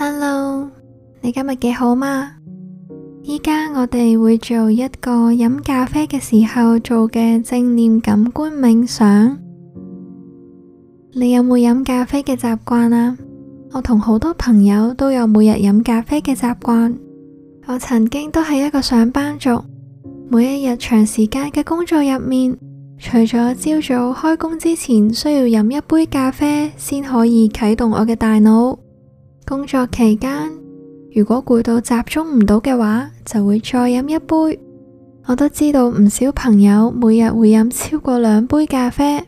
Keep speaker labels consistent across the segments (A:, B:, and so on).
A: Hello，你今日幾好嘛？依家我哋會做一個飲咖啡嘅時候做嘅正念感官冥想。你有冇飲咖啡嘅習慣啊？我同好多朋友都有每日飲咖啡嘅習慣。我曾經都係一個上班族，每一日長時間嘅工作入面，除咗朝早開工之前需要飲一杯咖啡先可以啟動我嘅大腦。工作期間，如果攰到集中唔到嘅話，就會再飲一杯。我都知道唔少朋友每日會飲超過兩杯咖啡，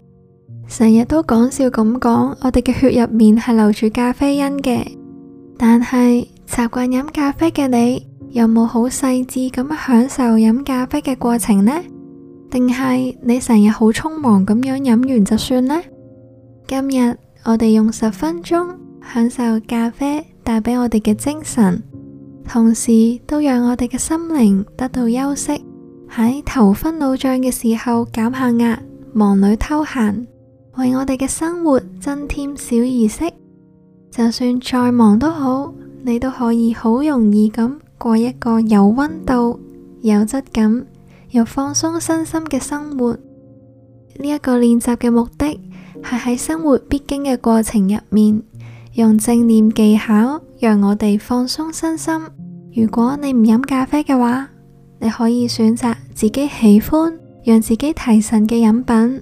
A: 成日都講笑咁講，我哋嘅血入面係流住咖啡因嘅。但係習慣飲咖啡嘅你，有冇好細緻咁享受飲咖啡嘅過程呢？定係你成日好匆忙咁樣飲完就算呢？今日我哋用十分鐘。享受咖啡帶俾我哋嘅精神，同時都讓我哋嘅心靈得到休息。喺頭昏腦脹嘅時候減下壓，忙裏偷閒，為我哋嘅生活增添小儀式。就算再忙都好，你都可以好容易咁過一個有溫度、有質感又放鬆身心嘅生活。呢一個練習嘅目的係喺生活必經嘅過程入面，用正念技巧，讓我哋放鬆身心。如果你唔飲咖啡嘅話，你可以選擇自己喜歡、讓自己提神嘅飲品，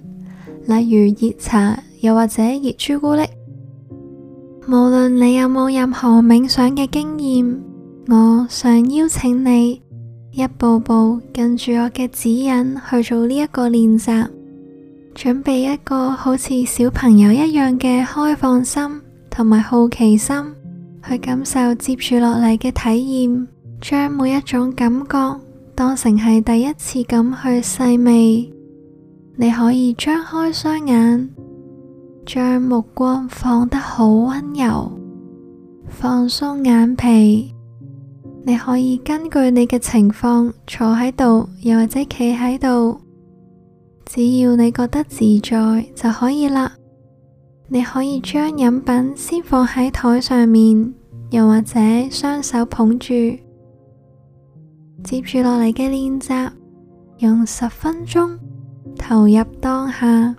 A: 例如熱茶，又或者熱朱古力。無論你有冇任何冥想嘅經驗，我想邀請你一步步跟住我嘅指引去做呢一個練習，準備一個好似小朋友一樣嘅開放心。同埋好奇心去感受接住落嚟嘅體驗，將每一種感覺當成係第一次咁去細味。你可以張開雙眼，將目光放得好溫柔，放鬆眼皮。你可以根據你嘅情況坐喺度，又或者企喺度，只要你覺得自在就可以啦。你可以將飲品先放喺台上面，又或者雙手捧住。接住落嚟嘅練習，用十分鐘投入當下。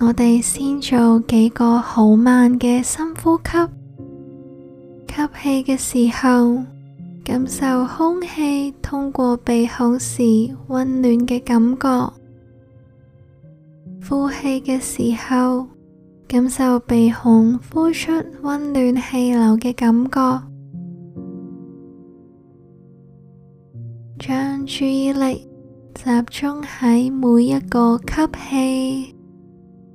A: 我哋先做幾個好慢嘅深呼吸，吸氣嘅時候。感受空氣通過鼻孔時温暖嘅感覺，呼氣嘅時候，感受鼻孔呼出温暖氣流嘅感覺。將注意力集中喺每一個吸氣、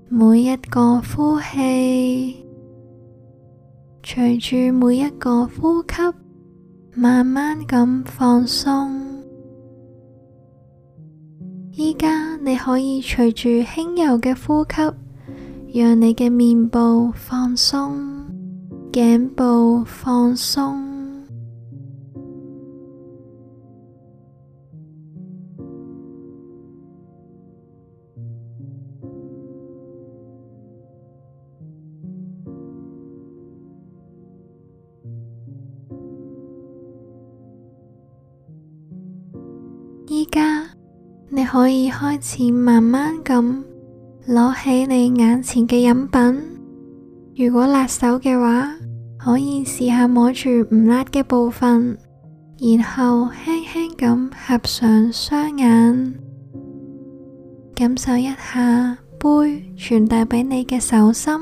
A: 每一個呼氣，隨住每一個呼吸。慢慢咁放鬆，依家，你可以隨住輕柔嘅呼吸，讓你嘅面部放鬆，頸部放鬆。依家你可以開始慢慢咁攞起你眼前嘅飲品，如果辣手嘅話，可以試下摸住唔辣嘅部分，然後輕輕咁合上雙眼，感受一下杯傳達俾你嘅手心、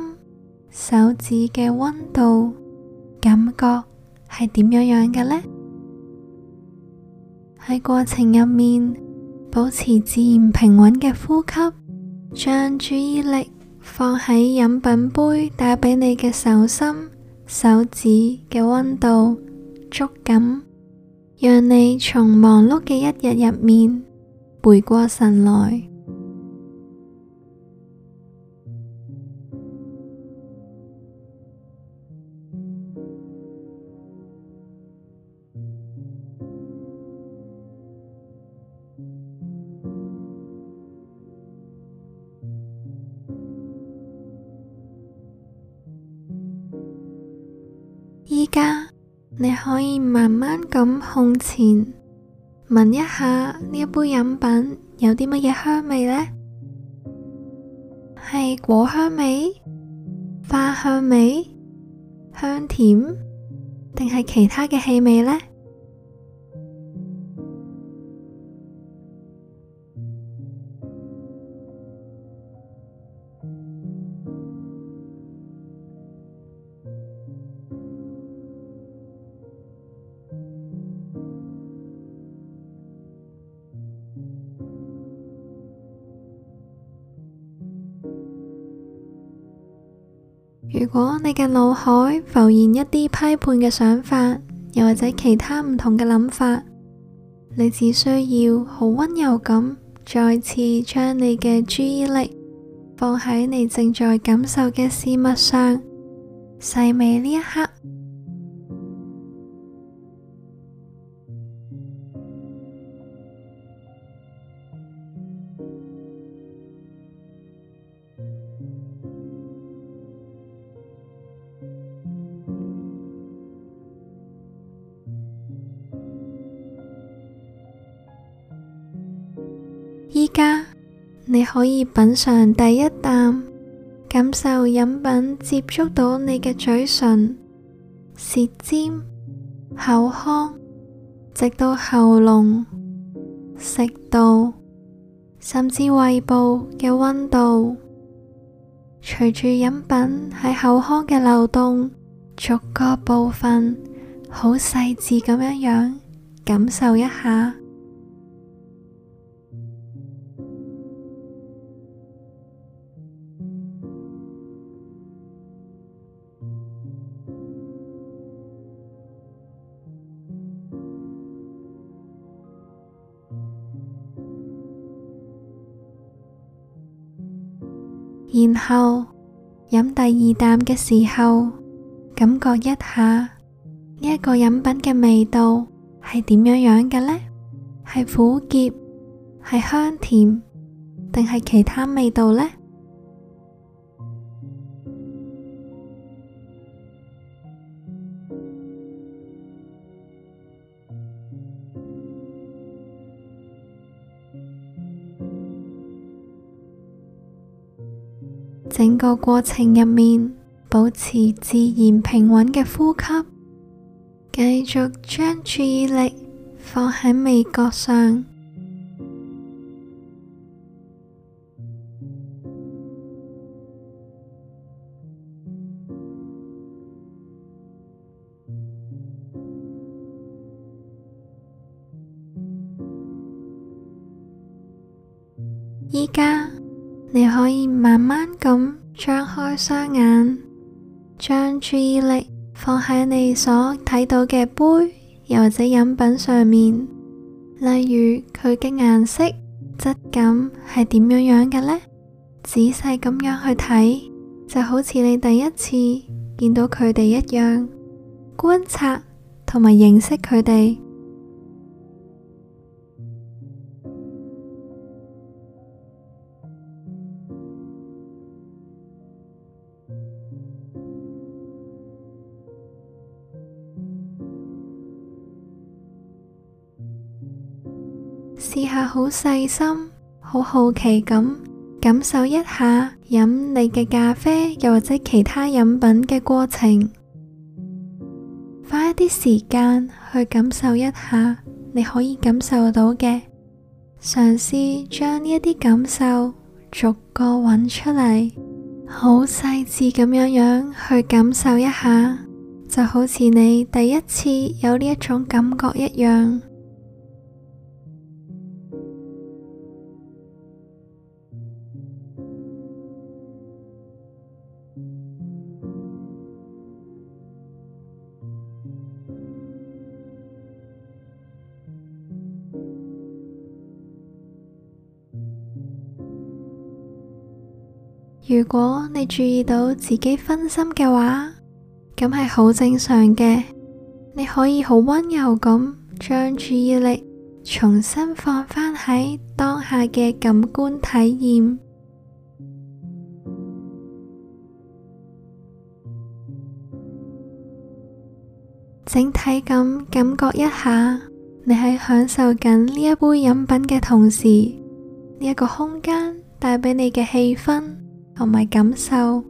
A: 手指嘅溫度，感覺係點樣樣嘅呢？喺過程入面，保持自然平穩嘅呼吸，將注意力放喺飲品杯帶俾你嘅手心、手指嘅溫度、觸感，讓你從忙碌嘅一日入面回過神來。家，你可以慢慢咁向前聞一下呢一杯飲品有啲乜嘢香味呢？係果香味、花香味、香甜，定係其他嘅氣味呢？如果你嘅腦海浮現一啲批判嘅想法，又或者其他唔同嘅諗法，你只需要好溫柔咁，再次將你嘅注意力放喺你正在感受嘅事物上，細味呢一刻。你可以品嘗第一啖，感受飲品接觸到你嘅嘴唇、舌尖、口腔，直到喉嚨、食道，甚至胃部嘅溫度。隨住飲品喺口腔嘅流動，逐個部分好細緻咁樣樣感受一下。然後飲第二啖嘅時候，感覺一下呢一個飲品嘅味道係點樣樣嘅呢？係苦澀？係香甜？定係其他味道呢？整個過程入面，保持自然平穩嘅呼吸，繼續將注意力放喺味覺上。依家。你可以慢慢咁張開雙眼，將注意力放喺你所睇到嘅杯又或者飲品上面，例如佢嘅顏色、質感係點樣樣嘅呢？仔細咁樣去睇，就好似你第一次見到佢哋一樣，觀察同埋認識佢哋。以下好細心，好好奇咁感受一下飲你嘅咖啡，又或者其他飲品嘅過程。花一啲時間去感受一下，你可以感受到嘅，嘗試將呢一啲感受逐個揾出嚟，好細緻咁樣樣去感受一下，就好似你第一次有呢一種感覺一樣。如果你注意到自己分心嘅話，咁係好正常嘅。你可以好溫柔咁將注意力重新放返喺當下嘅感官體驗， 整體咁感覺一下，你喺享受緊呢一杯飲品嘅同時，呢一個空間帶俾你嘅氣氛。同埋感受，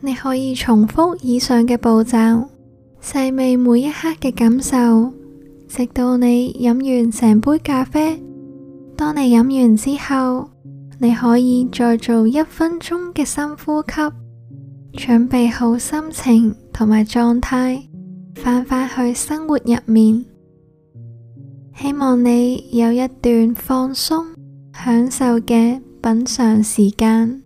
A: 你可以重複以上嘅步驟，細味每一刻嘅感受，直到你飲完成杯咖啡。當你飲完之後。你可以再做一分鐘嘅深呼吸，準備好心情同埋狀態，翻返去生活入面。希望你有一段放鬆、享受嘅品嘗時間。